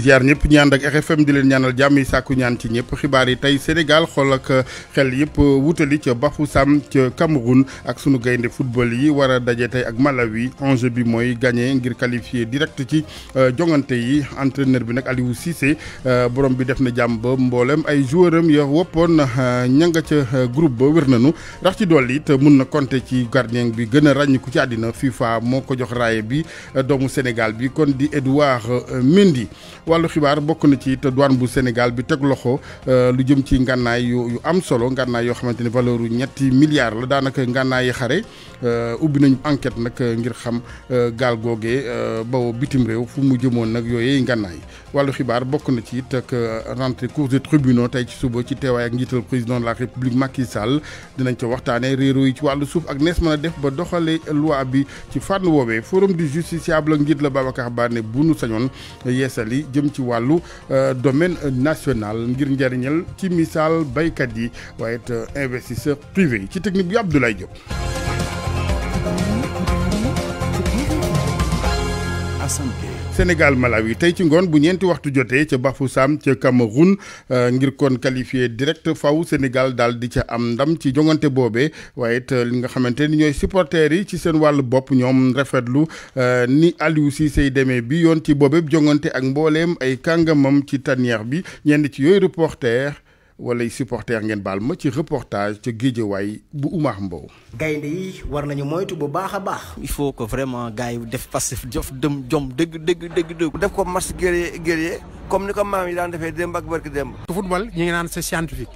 ziar ñëpp ñu ànd di leen ñaanal jàmm yi sàkku ñaan ci ñëpp xibaar yi tey Sénégal xool ak xel yëpp wutali ca Bafoussam ca Cameroun ak sunu gaynde football yi war a daje tey ak Malawi enjeu bi mooy gagné ngir qualifié direct ci euh, jongante yi entraîneur bi nag Aliou Cissé euh, borom bi def na jàmm ba mboolem ay joueuram ya woppoon euh, ña nga ca groupe ba wér nañu rax ci dolli it mun na compter ci gardien bi gën a ràññiku ci àddina FIFA moo ko jox raaye bi doomu Sénégal bi kon di Edouard wàllu xibaar bokk na ci te douane bu Sénégal bi teg loxo euh, lu jëm ci ngànnaay yu yu am solo ngànnaay yoo xamante ni valeur ñetti milliards la daanaka ngànnaay yi xare euh, ubbi nañu enquête nag ngir xam euh, gaal googee ba bitim réew fu mu jëmoon nag yooyee ngànnaay wàllu xibaar bokk na ci it ak rentrée cour des tribunaux tey ci suba ci teewaay ak njiital président de la république Macky Sall dinañ ca waxtaanee réeróo yi ci wàllu suuf ak nees mën a def ba doxalee loi bi ci fànn woowee forum du justiciable la Babacar Ba ne bu nu sañoon jëm ci wàllu euh, domaine national ngir njariñal ci misaal baykat yi waaye it euh, investisseur privé yi ci technique bi Abdoulaye Diop. Sénégal Malawi tey ci ngoon bu ñeenti waxtu jotee ca Bafoussam ca Cameroun euh, ngir kon qualifié direct faw Sénégal daal di ca am ndam ci jongante boobee waaye it euh, li nga xamante ni ñooy supporters yi ci seen wàllu bopp ñoom rafetlu euh, ni Aliou Cissé demee bi yoon ci boobee jongante ak mbooleem ay kàngamam ci tanière bi ñenn ci yooyu reporter walay supporter ngeen baal ma ci reportage ca Guédiawaye bu Oumar Mbow. gaynde yi war nañu moytu bu baax a baax. il faut que vraiment gars yi def passif jof dem jom dëgg dëgg dëgg dëgg. def ko match guerrier guerrier comme ni ko maam yi daan defee démb ak barki démb. football ñu ngi naan c'est scientifique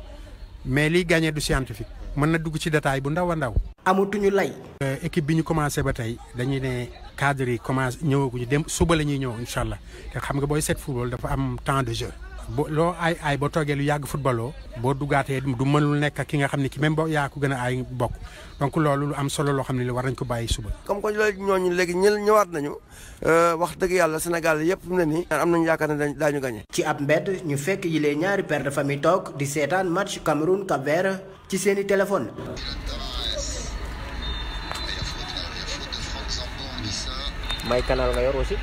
mais liy gagné du scientifique mën na dugg ci détail bu ndaw a ndaw. amatuñu lay. Euh, équipe bi ñu commencé ba tey dañuy ne cadre yi commencé ñëwaguñu dem suba la ñuy ñëw incha allah te xam nga booy seet football dafa am temps de jeu. bo loo ay ay boo toogee lu yàgg footballoo boo dugaatee du mënul nekk ki nga xam ne ki même boo yaa ko gën a aay bokk donc loolu lu am solo loo xam ne war nañ ko bàyyi suba. comme que loolu ñooñu léegi ñë ñëwaat nañu euh, wax dëgg yàlla Sénégal yëpp mu ne nii. am nañu yaakaar ne daañu gagné. ci ab mbedd ñu fekk yile ñaari per de famille toog di seetaan match Cameroun Cap Vert ci seen i téléphone. may canal yor aussi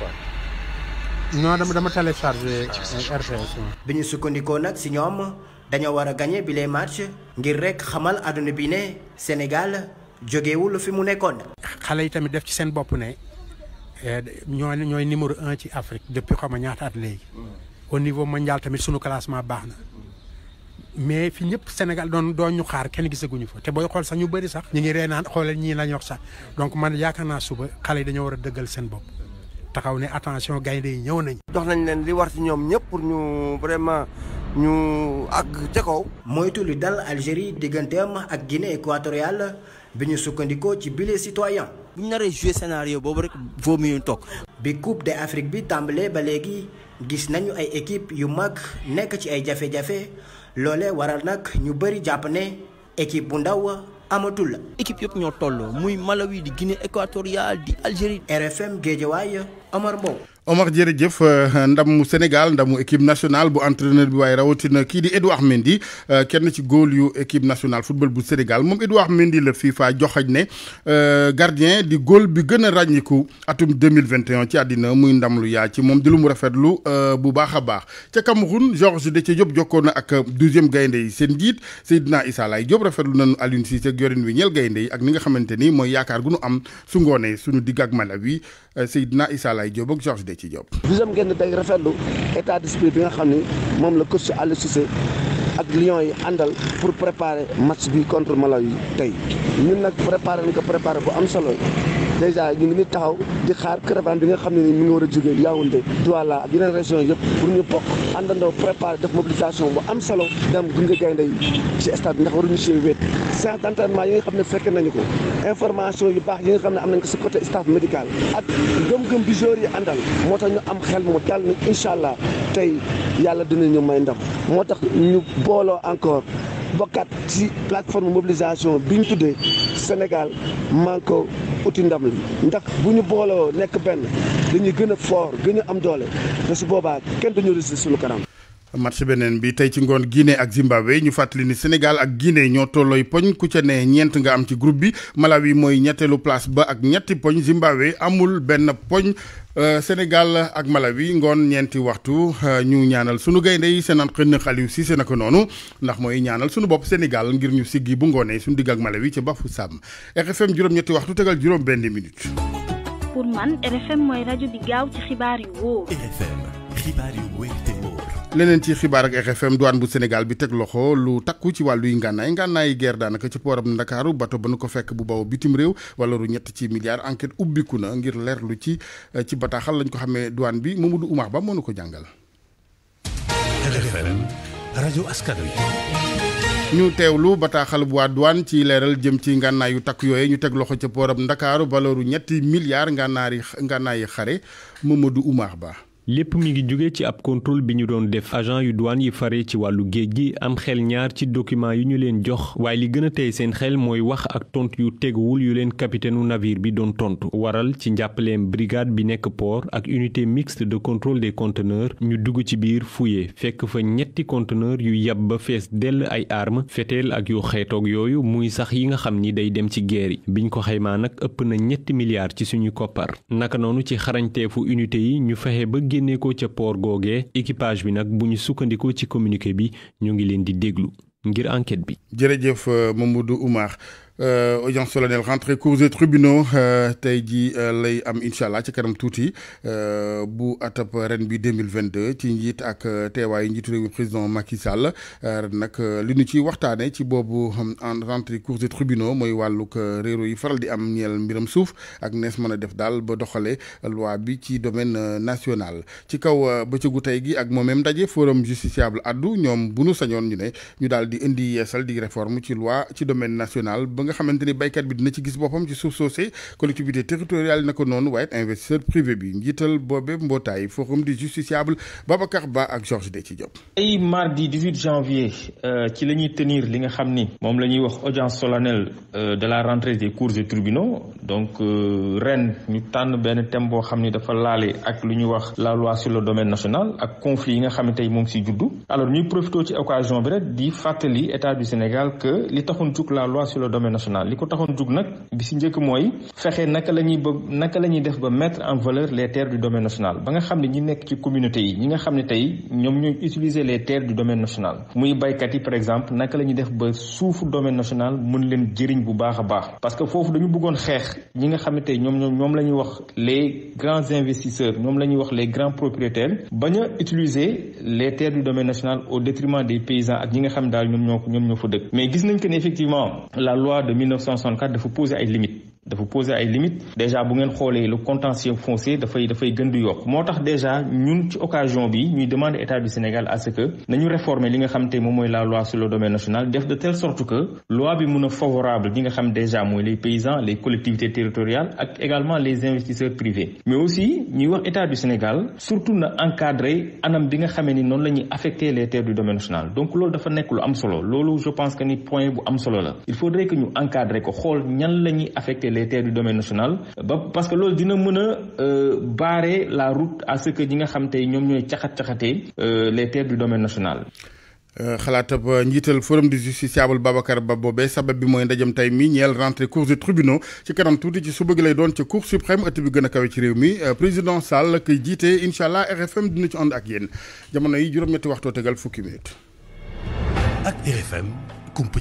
ñoo dama dama téléchargé euh, RTS. bi ñu sukkandikoo nag si ñoom dañoo war a gagné bi les match ngir rek xamal àdduna bi ne Sénégal jógewul fi mu nekkoon. xale yi tamit def ci seen bopp ne euh, ñoo ñooy numéro un ci Afrique depuis xaw ma ñaata at léegi. au niveau mondial tamit sunu classement baax na. mais fi ñëpp Sénégal doon doon ñu xaar kenn gisaguñu fa te booy xool sax ñu bëri sax. ñu ngi reenaan xoolal ñii la ñu wax sax donc man yaakaar naa suba xale yi dañoo war a dëggal seen bopp. taxaw ne attention gaynde yi ñëw nañ jox nañ leen li war ci ñoom ñëpp pour ñu vraiment ñu ak ca moytu li dal Algérie digganteem ak Guinée équatoriale bi ñu sukkandikoo ci bile citoyen bu ñu naree jouer scénario boobu rek vaut mieux ñu toog bi coupe de Afrique bi tàmbalee ba léegi gis nañu ay équipe yu mag nekk ci ay jafe-jafe loole waral nag ñu bëri jàpp ne équipe bu ndaw amatul équipe yëpp ñoo tolloo muy Malawi di Guinée équatoriale di Algérie RFM Guédiawaye Omar Mbow Omar jërëjëf euh, mu Sénégal ndamu équipe nationale bu entraîneur bi waaye rawatina kii di Edouard Mendy euh, kenn ci góol yu équipe nationale football bu Sénégal moom Edouard Mendy la FIFA joxañ ne euh, gardien di góol bi gën a ràññiku atum 2021 ci àddina muy ndam lu yaa ci moom di lu mu rafetlu bu baax a baax ca Cameroun Georges Déthié Diop jokkoon na ak douzième gaynde yi seen njiit Seydina Issa Laye Diop rafetlu nañu Aliou Cissé ak yorin wi ñeel gaynde yi ak ni nga xamante ni mooy yaakaar gu nu am su ngoonee suñu digg ak Malawi Seydina Issa Laye Diop ak ci Diop. deuxième ngeen day rafetlu état d'esprit bi nga xam ni moom la coach Aliou Cissé ak Lions yi àndal pour préparer match bi contre Malawi tey ñun nag préparer nañ ko préparer bu am solo. dèjà ñu ngi ni taxaw di xaar caravane bi nga xam ne ni mi ngi war a jógee Yaoundé Douala ak yeneen région yëpp pour ñu bokk àndandoo préparé def mobilisation bu am solo dem gunge gaynde yi ci stade bi ndax waruñu si wéet séance d'entraînement yi nga xam ne fekke nañu ko information yu baax yi nga xam ne am nañ ko si côté staff médical ak gëm-gëm bi joueurs yi àndal moo tax ñu am xel mu dal ni incha allah tey yàlla dinañu may ndam moo tax ñu booloo encore bokkaat si plateforme mobilisation bi ñu tuddee Sénégal manko uti ndam li ndax bu ñu booloo nekk benn dañuy gën a fort gën a am doole te su boobaa kenn duñu réussir suñu kanam match beneen bi tey ci ngoon Guinée ak Zimbabwe ñu fàttali ni Sénégal ak Guinée ñoo tollooy poñ ku ca ne ñeent nga am ci groupe bi Malawi mooy ñetteelu place ba ak ñetti poñ Zimbabwe amul benn poñ euh, Sénégal ak Malawi ngoon ñeenti waxtu euh, ñu ñaanal sunu gaynde yi seen entraîneur Aliou Cissé naka noonu ndax mooy ñaanal sunu bopp Sénégal ngir ñu siggi bu ngoonee sunu digg ak Malawi ca Bafoussam RFM juróom-ñetti waxtu tegal juróom benn minute. pour man RFM leneen ci xibaar ak RFM douane bu Sénégal bi teg loxo lu takku ci wàlluy ngànnaay ngànnaayi guerre daanaka ci pooram Ndakaaru bato ba nu ko fekk bu baw bitim réew wala ru ñett ci milliards enquête ubbiku na ngir leerlu ci eh, ci bataaxal lañ ko xamee douane bi Mamadou Oumar Ba moo nu ko jàngal. RFM rajo bu waa ci leeral jëm ci ngànnaay yu takk yooye ñu teg loxo ca pooram Ndakaaru baloru ñetti milliards ngànnaari ngànnaayi Ba lépp mi ngi jóge ci ab contrôle bi ñu doon def agent yu douane yi fare ci wàllu géej gi am xel ñaar ci document yu ñu leen jox waaye li gën a tey seen xel mooy wax ak tontu yu teguwul yu leen capitaine u bi doon tontu waral ci njàppaleem brigade bi nekk port ak unité mixte de contrôle des conteneurs ñu dugg ci biir fouillé fekk fa ñetti conteneurs yu yab ba fees dell ay armes feteel ak yu xeetoog yooyu muy sax yi nga xam ni day dem ci guerre yi biñ ko xaymaa nag ëpp na ñetti milliards ci suñu koppar génnee ca poor googee équipage bi nag bu ñu sukkandikoo ci communiqué bi ñu ngi leen di déglu ngir enquête bi. jërëjëf Mamadou Oumar Euh, audience solennelle rentrée cours et tribunaux euh, tey jii euh, lay am incha allah ci kanam tuuti bu atab ren bi 2022 ci njiit ak teewaayu njiitu réew mi président Macky Sall ren nag li ñu ci waxtaanee ci boobu en rentrée cours et tribunaux mooy wàllug réero yi faral di am ñeel mbiram suuf ak nees mën a def daal ba doxalee loi bi ci domaine national ci kaw bëccëgu tey gi ak moom même ndaje forum justiciable addu ñoom bu nu sañoon ñu ne ñu daal di indi yeesal di réforme ci loi ci domaine national. ba nga xamante ni béykat bi dina ci gis boppam ci suuf soosé collectivité territoriale na ko noonu waaye investisseur privé bi njiital boobe mbootaay forum du justiciable Babacar Ba ak Georges Déthié Diop. ay mardi janvier euh, ci la tenir li nga xam ni moom la ñuy wax audience solennelle euh, de la rentrée des cours et tribunaux donc euh, ren ñu tànn benn thème boo xam ni dafa laale ak lu ñuy wax la loi sur le domaine national ak conflit yi nga xam ne tey moom si ci occasion nationale li ko taxoon jug nag bi si njëkk mooy fexe naka la ñuy def ba mettre en valeur les terres du domaine national ba nga xam ne ñi nekk ci communauté yi ñi nga xam ne tey ñoom ñooy utiliser les terres du domaine national muy baykat yi par exemple naka la ñuy def ba suufu domaine national mën leen jëriñ bu baax a baax parce que foofu dañu bëggoon xeex ñi nga xam ne tey ñoom ñoom la ñuy wax les grands investisseurs ñoom la ñuy wax les grands propriétaires ba a utiliser les terres du domaine national au détriment des paysans ak ñi nga xam daal ñoom ñoo ñoom ñoo fa dëkk mais gis nañ que ne effectivement la loi de 1964 dafa posé ay limites dafa poser ay limites déjà bu ngeen xoolee le contentieux foncier dafay dafay gën di yokk moo tax déjà ñun ci occasion bi ñuy demander état du Sénégal à ce que nañu réformer li nga xam te moom mooy la loi sur le domaine national def de telle sorte que loi bi mën a favorable ñi nga xam déjà mooy les paysans les collectivités territoriales ak également les investisseurs privés mais aussi ñuy wax état du Sénégal surtout na encadrer anam bi nga xamee ni noonu la ñuy affecter les terres du domaine national donc loolu dafa nekk lu solo loolu je pense que ni point la il faudrait que ñu encadrer ko les terres du domaine national ba parce que loolu dina mën a euh, barrer la route à ce que ñi nga xam tey ñoom ñooy caxat-caxatee euh, les terres du domaine national euh, xalaatab njiital forum du justiciable Babacar Ba boobee sabab bi mooy ndajam tey mi ñeel rentrée cours de tribunaux ci kanam tuuti ci suba lay doon ca cour suprême ëtt bi gën a kawe ci réew mi président Sall kuy jiite incha allah RFM dina ci ànd ak yéen jamono yi juróom-ñetti waxtoo tegal fukki minute. ak RFM kumpa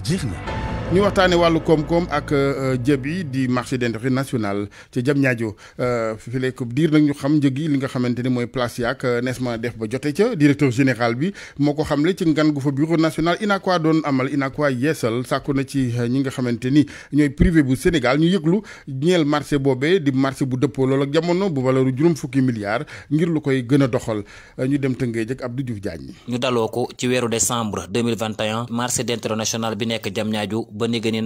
ñu waxtaanee wàllu koom-koom ak euh, jëb yi di marché d'intérêt national ci jam ñaajo euh, fi léegi diir nag ñu xam njëg yi li nga xamante ni mooy place yaak euh, nees ma def ba jote ca directeur général bi moo ko xamle ci ngan gu fa bureau national UNACOIS doon amal UNACOIS yeesal sàkku na ci ñi nga xamante ni ñooy privé bu Sénégal ñu yëglu ñeel marché boobee di marché bu dëppoo lool ak jamono bu valeuru juróom fukki milliards ngir lu koy gën a doxal ñu dem tëngee jëkk Abdou Diouf Diagne ñu daloo ko ci weeru décembre 2021 marché d'intérêt national bi nekk jam ñaajo ba néega ni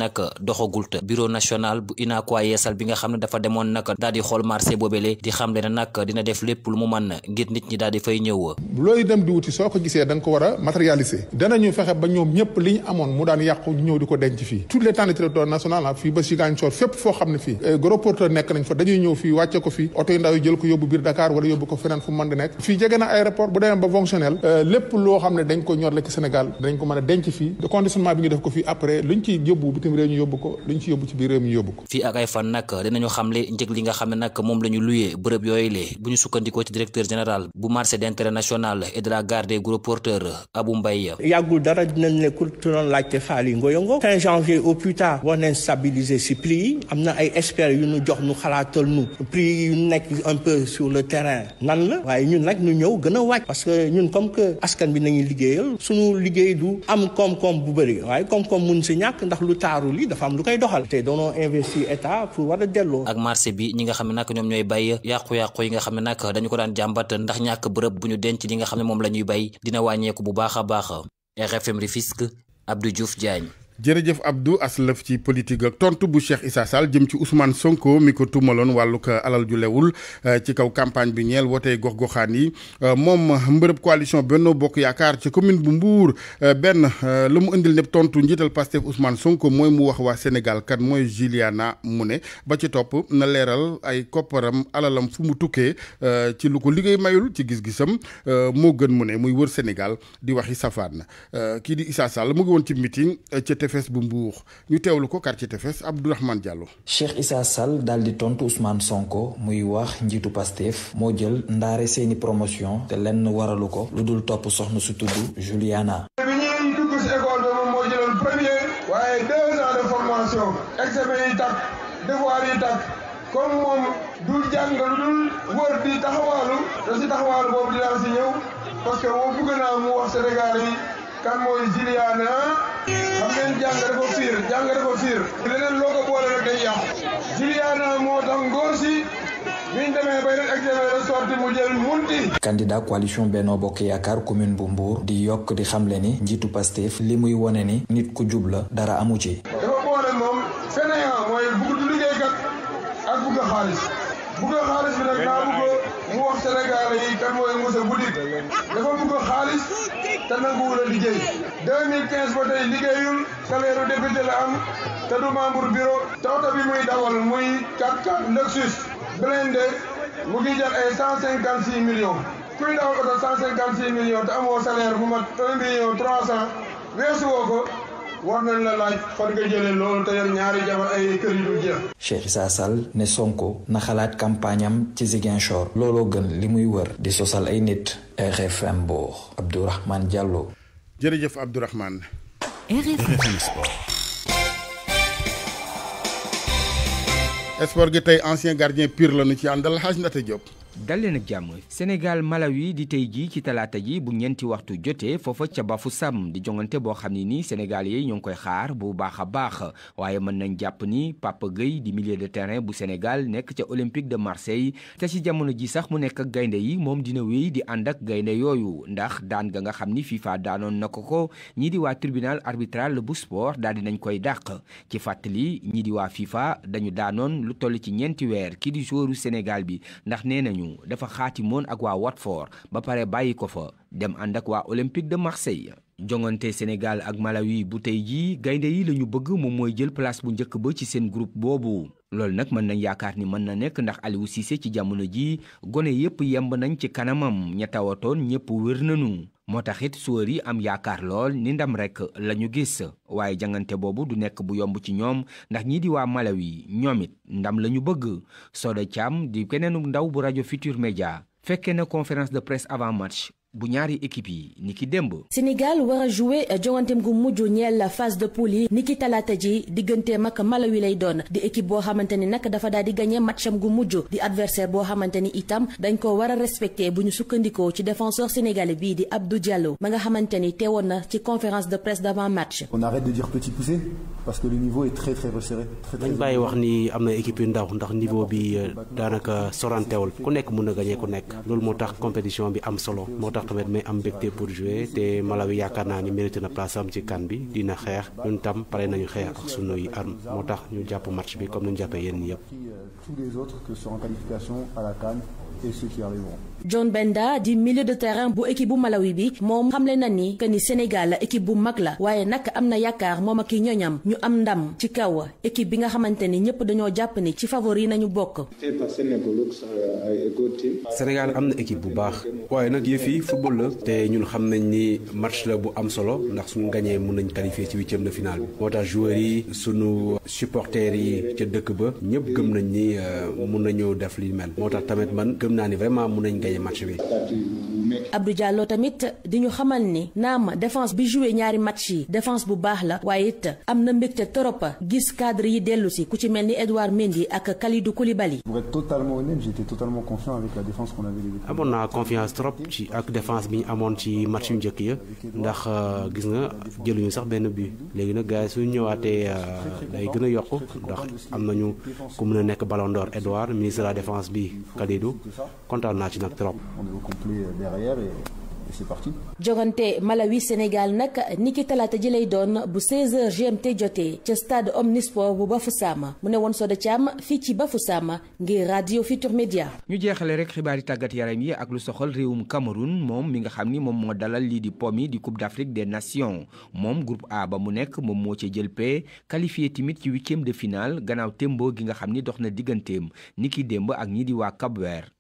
bureau national bu UNACOIS yeesal bi nga xam ne dafa demoon nag daal di xool marché boobele di ah, xam ne da dañuy ñëw fii wàcce ko fii oto yu ndaw yi jël ko yóbbu biir Dakar wala yóbbu ko feneen fu mën di nekk fii jege na aéroport bu demee ba fonctionnel euh, lépp loo xam ne dañ ko ñor la Sénégal dañ ko mën a denc fii conditionnement bi ñu def ko fii après luñ ci yóbbu bitim réew ñu yóbbu ko lu ñu ci yóbbu ci biir réew ñu yóbbu ko fii ak ay fan nag dinañu xamle njëg li nga xam ne nag moom la ñu luyee bërëb yooyu le bu ñu sukkandikoo ci directeur général bu marché d'intérêt national et de la gare des gros porteurs Abou Mbaye yàggul dara dinañ ne ku doon laajte faal yi ngoyongo fin janvier au plus tard am na ay experts yu ñu jox ñu xalaatal nu prix yu nekk un peu sur le terrain nan la waaye ñun nag ñu ñëw gën a wàcc parce que ñun comme que askan bi nañu liggéeyal suñu liggéey du am koom-koom bu bëri waaye koom ndax lu taaru li dafa am lu koy doxal te doonoo investir état pour war a delloo ak marché bi ñi nga xam ne nag ñoom ñooy bay yàqu-yàqu yi nga xam ne nag dañu ko daan jàmbat ndax ñàkk bërëb bu ñu denc li nga xam ne moom lañuy bay dina wàññeeku bu baax a baax RFM Rufisque Abdou Diouf Diagne jërëjëf Abdou Aslëf ci politique ak tontu bu Cheikh Issa jëm ci Ousmane Sonko mi ko tuumaloon wàllug alal ju lewul euh, ci kaw campagne bi ñeel wootee gox-goxaan yi euh, moom mbërëb coalition Benno Bokk Yaakaar ci commune bu mbuur euh, benn la mu indil nepp tontu njiital Pastef Ousmane Sonko mooy mu wax waa Sénégal kan mooy Juliana mu ne ba ci topp na leeral ay kopparam alalam fu mu tukkee ci lu ko liggéey mayul ci gis-gisam moo gën mu ne muy wër Sénégal di waxi safaan kii di Issa tefes bu Mbour ñu teewlu ko quartier tefes Abdourahmane Diallo. Cheikh Issa Sall daal di tontu Ousmane Sonko muy wax njiitu Pastef moo jël ndaare seeni promotion te lenn waralu ko lu dul topp soxna su tudd Juliana. waaye deux ans examen yi tàkk devoir yi tàkk comme moom du jàng lu dul wër di taxawaalu te si taxawaalu boobu dinaa si ñëw parce moom bëgg naa mu wax Sénégal yi kan mooy Juliana. leen jàng dafa fiir jàng dafa fiir leneen loo ko boole rek day yàq Juliana moo tax ngóor si demee bay rek examen la sorti mu jël munti candidat coalition Benno Bokk Yaakaar commune bu Mbour di yokk di xamle ni njiitu Pastef li muy wone ni nit ku jubla dara amu ci te nanguwul a liggéey 2015 tey liggéeyul salaire u député la am te du membre bureau te oto bi muy dawal muy 4x4 Lexus blindé mu ngi jar ay 156 millions kuy dawal oto 156 millions te amoo salaire bu mat 1 million 300 weesu woo ko war nañ la laaj fan nga loolu te yor ñaari jabar ay kër jeex. Cheikh Issa ne Sonko na xalaat campagne ci Ziguinchor looloo gën li muy wër di sosal ay nit RFM Mbour Abdourahmane Diallo. jërëjëf Abdourahmane. RFM Sport. sport gi tey ci àndal xaaj Ndate Diop. dal leen ak jàmm Sénégal Malawi di tey jii ci talaata ji bu ñeenti waxtu jotee foofa ca bafu sàmm di jongante boo xam ne nii Sénégal yi ñoo ngi koy xaar bu baax a baax waaye mën nañ jàpp ni Papa Gueye di milieu de terrain bu Sénégal nekk ca Olympique de Marseille te ci jamono ji sax mu nekk ak gaynde yi moom dina wéy di ànd ak gaynde yooyu ndax daan ga nga xam ni FIFA daanoon na ko ko ñii di waa tribunal arbitral bu sport daal di nañ koy dàq ci fàttali ñii di waa FIFA dañu daanoon lu toll ci ñeenti weer kii di joueuru Sénégal bi ndax nee nañu ñooñu dafa xaatimoon ak waa Watford ba pare bàyyi ko fa dem ànd ak waa Olympique de Marseille. jongante Sénégal ak Malawi bu tey jii gaynde yi la ñu bëgg moom mooy jël place bu njëkk ba ci seen groupe boobu loolu nag mën nañ yaakaar ni mën na nekk ndax Aliou Cissé ci jamono ji gone yépp yemb nañ ci kanamam ña tawatoon ñépp wër nañu. moo taxit suwar yi am yaakaar lool ni ndam rek la ñu gis waaye jangante boobu du nekk bu yomb ci ñoom ndax ñii di waa Malawi ñoom it ndam la ñu bëgg Soda caam di keneenu ndaw bu rajo Futur Media fekkee na conférence de presse avant match bu ñaari équipe yi ni ki démb. Sénégal war a jouer euh, jonganteem gu mujj ñeel phase de poule yi ni ki talaata ji digganteem ak wi lay doon di équipe boo xamante ni nag dafa daal di gagné matcham gu mujj di adversaire boo xamante ni itam dañ ko war a respecté bu ñu sukkandikoo ci défenseur sénégalais bii di Abdou Diallo ma nga xamante ni woon na ci conférence de presse d'avant match. on arrête que le niveau est très dañ bàyyi wax ni am na équipe yu ndaw ndax niveau bi euh, daanaka sorantewul ku nekk mën na gagné ku nekk loolu moo tax compétition bi am solo tamit may am mbégte pour jouer te Malawi yaakaar naa ni mérité na place am ci kaan bi dina xeex ñun tam pare nañu xeex ak sunuy arme moo tax ñu jàpp match bi comme ñu jàppee yenn ñi yëpp. tous les autres que seront en qualification John Benda di milieu de terrain bu équipe bu Malawi bi moom xamle na ni que ni Sénégal équipe bu mag la waaye nag am na yaakaar moom ak i ñoñam ñu am ndam ci kaw équipe bi nga xamante ni ñëpp dañoo jàpp ni ci favori nañu bokk. Sénégal am na équipe bu baax waaye nag yëf yi football la te ñun xam nañ ni match la bu am solo ndax suñu gañee mun nañ qualifier ci wiccam de finale bi moo tax joueurs yi suñu supporters yi ca dëkk ba ñëpp gëm nañ ni euh, mun nañu def li mel moo tax tamit man gëm naa ni vraiment mun nañ gañe match bi Abdou Diallo tamit di ñu xamal ni naam défense bi joué ñaari match yi défense bu baax la waaye it am na mbégte trop gis cadre yi dellu si ku ci mel ni Edouard Mendy ak Kalidou Koulibaly. pour être totalement honnête j'étais totalement confiant avec la défense qu'on avait. amoon naa confiance trop ci ak défense bi ñu amoon ci match yu njëkk ya ndax euh, gis nga ñu sax benn but léegi nag gars su ñëwaatee euh, day gën a yokk ndax am nañu ku mën a nekk Ballon d'Or Edouard ministre de la défense bi Kalidou kontaan naa ci nag trop. c'est parti. jogante Malawi Sénégal nag niki talaata ji lay doon bu 16h GMT jotee ca stade Omnisport bu Bafoussam mu ne woon Soda Thiam fii ci Bafoussam ngir radio Futur Media. ñu jeexale rek xibaari tàggat yaram yi ak lu soxal réewum Cameroun moom mi nga xam ni moom moo dalal lii di po yi di Coupe d'Afrique de Nations moom groupe A ba mu nekk moom moo ca jël pee qualifié tamit ci huitième de finale gannaaw tembo gi nga xam ni dox na digganteem niki démb ak ñii di waa Cap-Vert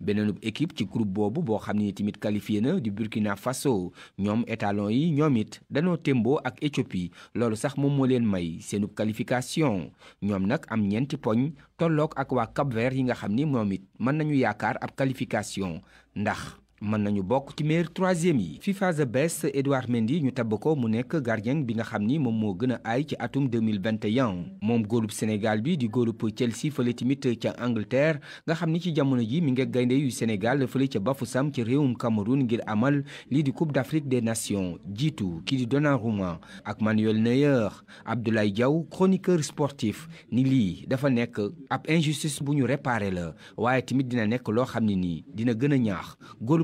beneenub équipe ci groupe boobu boo xam ne tamit qualifié na di Burkina Faso ñoom étalon yi ñoom it danoo témboo ak Éthiopie loolu sax moom moo leen may seenub qualification ñoom nag am ñeenti poñ tollook ak waa cap yi nga xam ni moom it mën nañu yaakaar ab qualification ndax mën nañu bokk ci meilleur troisième yi FIFA The Best Edouard Mendy ñu tabb ko mu nekk gardien bi nga xam ni moom moo gën a ay ci atum 2021 moom góolub Sénégal bi di góolub Chelsea fële tamit ca Angleterre nga xam ni ci jamono ji mi nga gaynde yu Sénégal fële ca Bafoussam ci réewum Cameroun ngir amal lii di Coupe d'Afrique des Nations jiitu kii di Donnarumma ak Manuel Neuer Abdoulaye Diaw chroniqueur sportif ni lii dafa nekk ab injustice bu ñu réparé la waaye tamit dina nekk loo xam ne nii dina gën a ñaax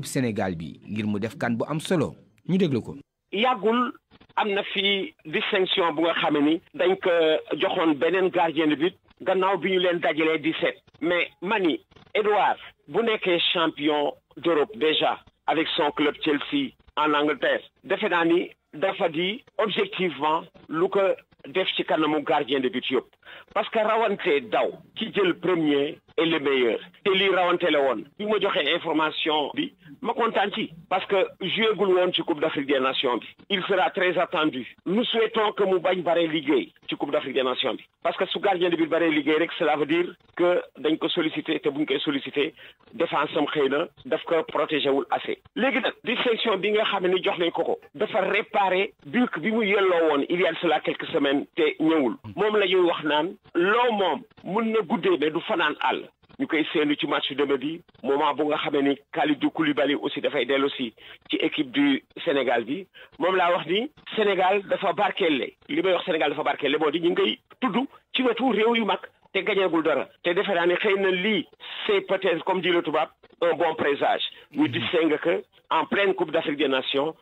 Sénégal bi ngir mu def kan bu am solo ñu déglu ko. yàggul am na fi distinction bu nga xam ni. dañ ko joxoon beneen gardien de but. gannaaw bi ñu leen dajalee di seet. mais mani Edouard bu nekkee champion d'Europe déjà avec son club Chelsea en Angleterre. defe naa ni dafa di objectivement lu ko def ci kannamu gardien de but yëpp parce que rawante daw. ci jël premier. est le meilleur te lii rawante woon bi ma joxee information bi ma kontaan ci parce que jouegul woon ci Coupe d'Afrique des Nations bi il sera très attendu nous souhaitons que mu bañ bare liggéey ci Coupe d'Afrique des Nations bi parce que su gardien de but bare liggéey rek cela veut dire que dañ ko solliciter te buñ koy solliciter défense am xëy na daf ko protéger wul assez léegi nag distinction bi nga xam ni jox nañ ko ko dafa réparer but bi mu yelloo woon il y a cela te ñëwul moom la ñuy wax naan loo moom mun na guddee mais du fanaan àll ñu koy seenu ci match deme bi moment bu nga xamee ni Kalidou Koulibaly aussi dafay dellu si ci équipe du Sénégal bi moom laa wax ni Sénégal dafa barkeele li may wax Sénégal dafa barkelle moo di ñu ngay tudd ci wetu réew yu mag te gañeegul dara te defe naa ne xëy na lii c'est comme dit le tubaab un bon présage ñu mm-hmm. distingue que en pleine coupe d'Afrique des nations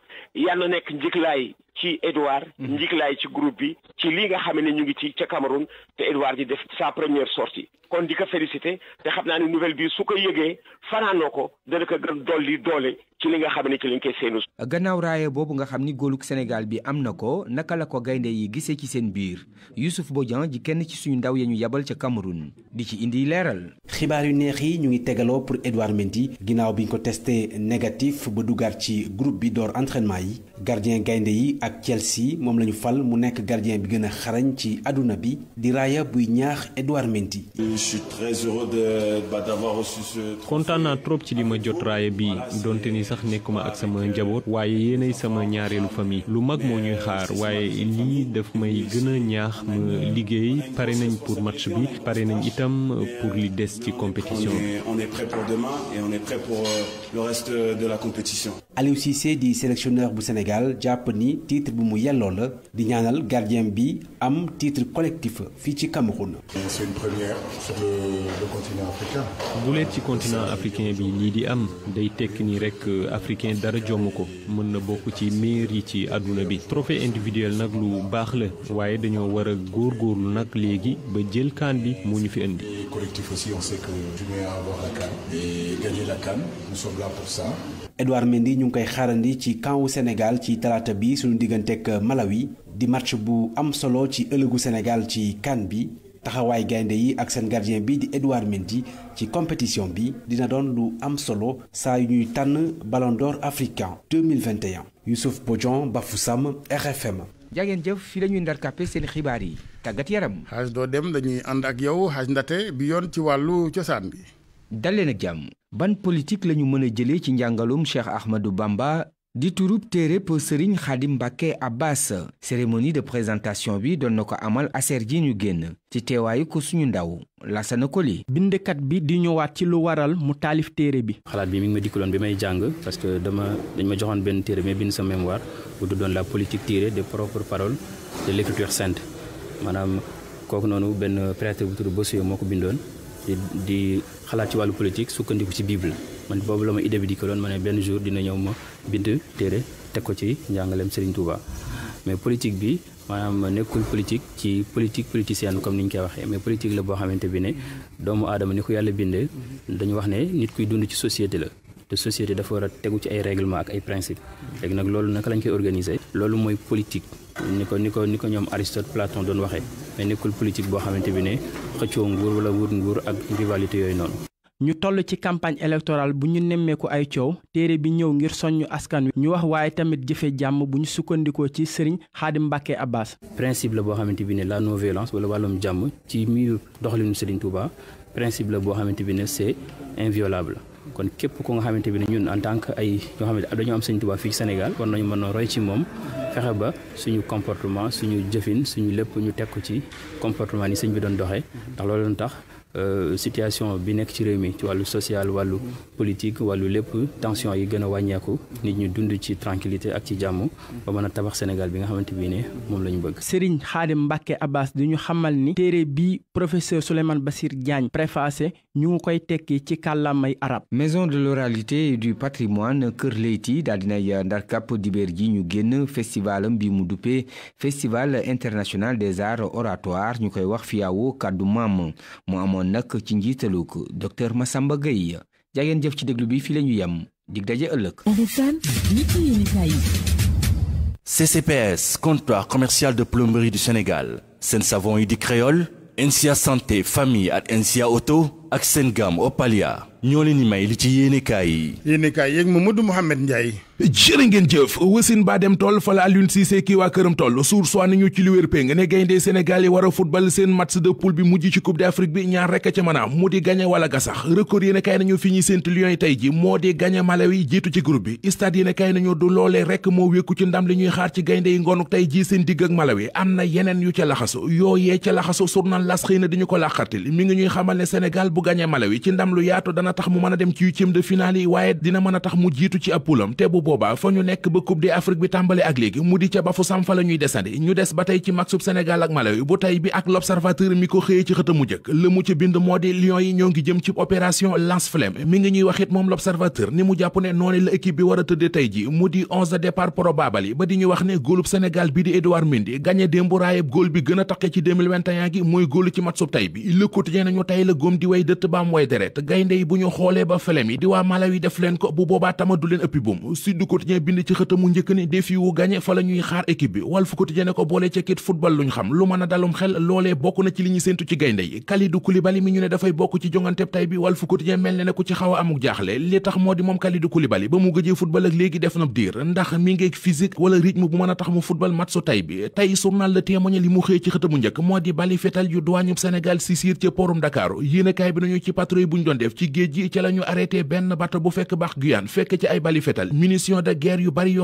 yal na nekk njëglaay ci Edouard. Mhm. njëglaay ci groupe bi ci lii nga xam ne ñu ngi ci ca Cameroun te Edouard di def sa première sortie kon di ko félicité te xam naa ne nouvelle bi su ko yëgee fanaanoo ko dana ko gën dolli doole ci li nga xam ne ci lañ koy seenu. gannaaw raaye boobu nga xam ni góolug Sénégal bi am na ko naka la ko gaynde yi gisee ci seen biir Youssouf Bodian ji kenn ci suñu ndaw ya ñu yabal ca Cameroun di ba dugaat ci groupe bi door entraînement yi gardien gaynde yi ak Chelsea moom lañu ñu fal mu nekk gardien bi gën a xarañ ci àdduna bi di raaya buy ñaax Edouard Mendy. je suis kontaan naa trop ci li ma jot raaya bi donte ni sax nekkuma ak sama njaboot waaye yéenay sama ñaareelu famille lu mag moo ñuy xaar waaye lii daf may gën a ñaax ma liggéey pare nañ pour match bi pare nañ itam pour li des ci compétition bi. compétition. Aliou Cissé di sélectionneur bu Sénégal jàpp ni titre bu mu yelloo la di ñaanal gardien bi am tiitre collectif fii ci Cameroun. c'est une première sur ci continent africain bi lii di am day tekki ni rek euh, africain dara jomm ko mën na bokk ci meilleur yi ci àdduna bi. trophée individuel nag lu baax la waaye dañoo war góor góorgóorlu nag léegi ba jël kaan bi moo ñu fi indi. collectif aussi ñu koy xaarandi ci campu Sénégal ci talaata bi suñu digganteeg Malawi di match bu am solo ci ëllëgu Sénégal ci CAN bi taxawaay gaynde yi ak seen gardien bi di Edouard Mendy ci compétition bi dina doon lu am solo saa yu ñuy tànn Ballon d'Or africain 2021 Youssouf Bodian Bafoussam RFM jageen jëf fi la ñuy ndarkappe seen xibaar yi tàggat yaram xaaj doo dem dañuy ànd ak yow xaaj ndate bi yoon ci wàllu cosaan bi daleen ak jàmm ban politique lañu mën a jëlee ci njàngalum Cheikh Ahmadou Bamba di turub téereb Serigne Khadim Mbacké Abbas cérémonie de présentation bi doon na ko amal aser ji ñu génn ci teewaayu ko suñu ndaw Lassana Koli bindkat bi di ñëwaat ci lu waral mu taalif téere bi xalaat bi mu ngi ma dikkaloon bi may jàng parce que dama dañ ma joxoon benn téere mais bind sa mémoire bu tuddoon la politique tirée des propres paroles de l'écriture sainte maanaam kooku noonu benn prêtre bu moo ko bindoon xalaat ci wàllu politique sukkandiku ci bible man boobu la ma idée bi di ko doon ma ne benn jour dina ñëw ma bind téere teg ko ci njàngaleem Serigne Touba mais politique bi maanaam nekkul politique ci politique politicienne comme ni ñu koy waxe mais politique la boo xamante bi ne doomu aadama ni ko yàlla bindee dañu wax ne nit kuy dund ci société la te société dafa war a tegu ci ay règlement ak ay principe léegi nag loolu naka lañ koy organiser loolu mooy politique ni ko ni ko ni ko ñoom Aristote Platon doon waxee mais nekkul politique boo xamante bi ne xëccoo nguur wala wut nguur ak rivalité yooyu noonu. ñu toll ci campagne électorale bu ñu nemmeeku ay coow téere bi ñëw ngir soññu askan wi ñu wax waaye tamit jëfe jàmm bu ñu sukkandikoo ci sëriñ Xaadim Mbàkke Abbas principe la boo xamante bi ne la non violence wala wàllum jàmm ci miir doxalinu sëriñ Touba principe la boo xamante bi ne c'est inviolable kon képp ko nga xamante bi ne ñun en tant que ay ñoo xamante dañoo am sëriñ Touba fii Sénégal war nañu mën a roy ci moom fexe ba suñu comportement suñu jëfin suñu lépp ñu teg ko ci comportement ni sëñ bi doon doxee ndax loolu doon tax Euh, situation bi nekk ci réew mi ci wàllu social wàllu politique wàllu lépp tension yi gën a wàññeeku nit ñu dund ci tranquillité ak ci jàmm ba mën a tabax Sénégal bi nga xamante bi ne moom la ñu bëgg Serigne Khadim Mbacké Abbas di ñu xamal ni téere bi professeur Souleymane Bassir Diagne préfacé ñu ngi koy tekki ci kàllaamay arab maison de l'oralité et du patrimoine Kër Leyti daal dinay ndarkàpp dibéer ji ñu génn festivalam bi mu duppee festival international des arts ñu koy wax fiyaawo kàddu maam woon nag ci njiitaluk docteur Massamba Gueye jaageen jëf ci déglu bi fi la ñu yem dig daje ëllëg. CCPS comptoir commercial de plomberie du Sénégal seen savon yi di créole NSIA santé famille ak NSIA auto ak seen gamme Opalia ñoo leen di may li ci yéenekaay yi. yéenekaay yeeg Mamadou Mouhamed Ndiaye. jërë ngeen jëf wasin ba dem tool fala Aliou Cissé kii waa këram toll suur soi nañu ci li wér péng ne gayndee Sénégal yi war a football seen match de poule bi mujj ci coupe d'Afrique bi ñaar rekk ca manaam mu di gagné wala gasax record yéen kay nañu fi ñuy séntu Lions yi tey ji moo di gagné Malawi jiitu ci groupe bi stade yéen kay nañu du loolee rekk moo wékku ci ndam li ñuy xaar ci gaynde yi ngoonuk tey ji seen digg ak Malawi am na yeneen yu ca ko làqartil mi ngi ñuy xamal ne Sénégal bu gagné Malawi ci ndam lu yaatu dana tax mu mën a dem ci huitième de a tax mu jiitu ci booba fa ñu nekk ba coupe d'Afrique bi tàmbale ak léegi mu di ca Bafoussam fa la ñuy desandi ñu des ba tey ci match Sénégal ak Malawi bu tey bi ak l'observateur mi ko xëyee ci xët mu njëkk la mu ca bind moo di lions yi ñoo ngi jëm ci opération lance flamme mi ngi ñuy wax moom l'observateur ni mu jàpp ne noonu la équipe bi war a tëddee ji mu di onze de yi ba di ñu wax ne góolub Sénégal bi di Edouard Mendy gagné démb góol bi gën a Sud Quotidien bind ci xëtamu njëkk ne mi ñu ne dafay bokk ci jonganteb tay bi Walf Quotidien mel ne ne ci xaw amuk jaaxle li tax moo di moom Kalidou Koulibaly ba mu gëjee football ak léegi def na diir ndax mi ngeeg physique wala rythme bu mën a tax mu football match tay bi tey journal Le Témoin li mu xëy ci xëtamu njëkk moo di bali fetal yu duwaañub Sénégal si siir ca porum Dakar bi nañu ci patrouille bu ñu doon def ci géej gi ca la ñu benn bato bu fekk munitions de guerre yu bari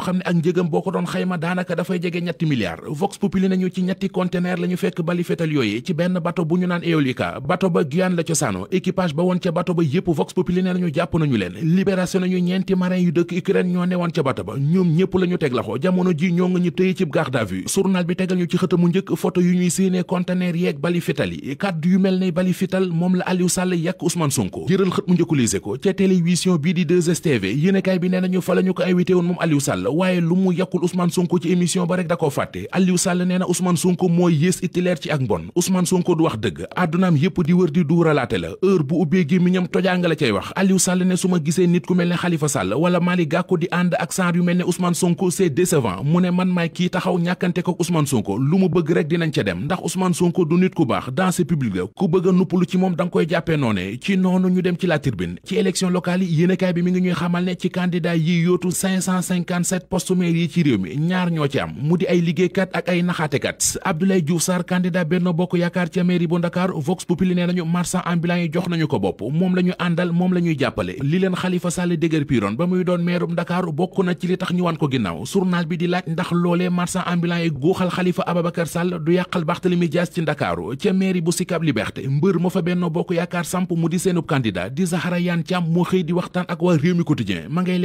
njëgam boo ko doon xayma daanaka dafay jege ñetti milliards vox populi nañu ci ñetti conteneur la fekk bali fetal ci benn bato bu ñu naan Eolika bato ba Guyane la cosaano équipage ba woon ca bato ba yëpp vox populi ne nañu jàpp nañu leen libération nañu ñeenti marin yu dëkk Ukraine ñoo newoon ca bato ba ñoom ñëpp la teg laxo jamono ji ñoo nga ñu tëye ci garde à bi tegal ñu ci xëtamu njëkk photo yu ñuy séenee conteneur yeeg bali ko ca waaye lu mu yàkkul Ousmane Sonko ci émission ba rek da koo fàtte Aliou Sall nee na Ousmane Sonko mooy yées itileer ci ak mbon Ousmane Sonko du wax dëgg àddunaam yépp di wër di duuralaate la heure bu ubbee gémmiñam tojaanga la cay wax Aliou Sall ne su ma gisee nit ku mel ne Khalifa Sall wala Malick di ànd ak genre yu mel ne Ousmane Sonko c'est décevant mu ne man maay kii taxaw ñàkkante ko Ousmane Sonko lu mu bëgg rek dinañ ca dem ndax Ousmane Sonko du nit ku a nuppalu 557 poste maire yi ci réew mi ñaar ñoo ci am mu di ay liggéeykat ak ay naxaatekat Abdoulaye Diouf Sarr candidat Benno Bokk Yaakaar ca mairie bu Dakar Vox Populi nee nañu marchand ambulant yi jox nañu ko bopp moom la ñu àndal moom la ñuy jàppale li leen Khalifa Sall dëgër piiroon ba muy doon maire bu Dakar bokk na ci li tax ñu wan ko ginnaaw journal bi di laaj ndax loolee marchand ambulant yi guuxal Khalifa Ababacar Sall du yàqal Barthélemy Dias ci Ndakaaru Bokk Yaakaar samp di seenub candidat di Zahra Iyane Thiam moo xëy di mi quotidien ma ngay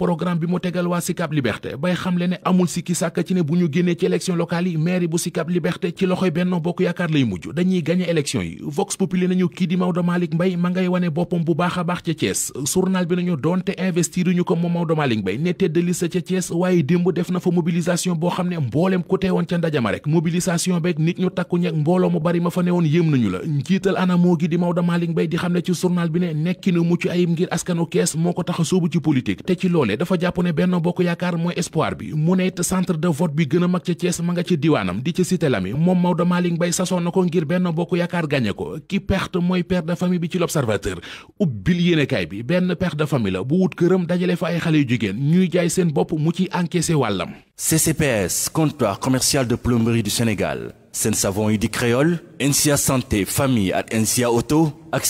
programme bi mu tegal waa Sicap Liberté bay xamle ne amul sikki sàkk ci ne bu ñu génnee ci élection locale yi mairie bu Sicap Liberté ci loxoy Benno Bokk Yaakaar lay mujj dañuy gagné élection yi Vox Populi nañu kii di Maodo Malick Mbaye ma ngay wane boppam bu baax a baax ca Thiès journal bi nañu doonte investir ñu ko ma Maodo Malick Mbaye ne tête de liste waaye démb def na fa mobilisation boo xam ne mbooleem ku teewoon ca ndajama rek mobilisation beeg nit ñu takku ñeeg mbooloo mu bari ma fa newoon yéem nañu la njiital ANAMO gi di Maodo Malick Mbaye di xam ne ci journal bi ne nu mucc ayib askanu Thiès moo ko tax a sóobu ci te ci loole ne dafa jàpp ne Benno Bokk Yaakaar mooy espoir bi mu ne it centre de vote bi gën a mag ca Thiès ma nga ci diwaanam di ci cité Lamy moom Maodo Malick Mbaye sasoon na ko ngir Benno Bokk Yaakaar gagné ko ki perte mooy père de famille bi ci l'Observateur ubbil yéenekaay bi benn père de famille la bu wut këram dajale fa ay xale yu jigéen ñuy jaay seen bopp mu ci encaissé wàllam CCPS comptoir commercial de plomberie du Sénégal seen savon yu di créole NSIA santé famille ak NSIA auto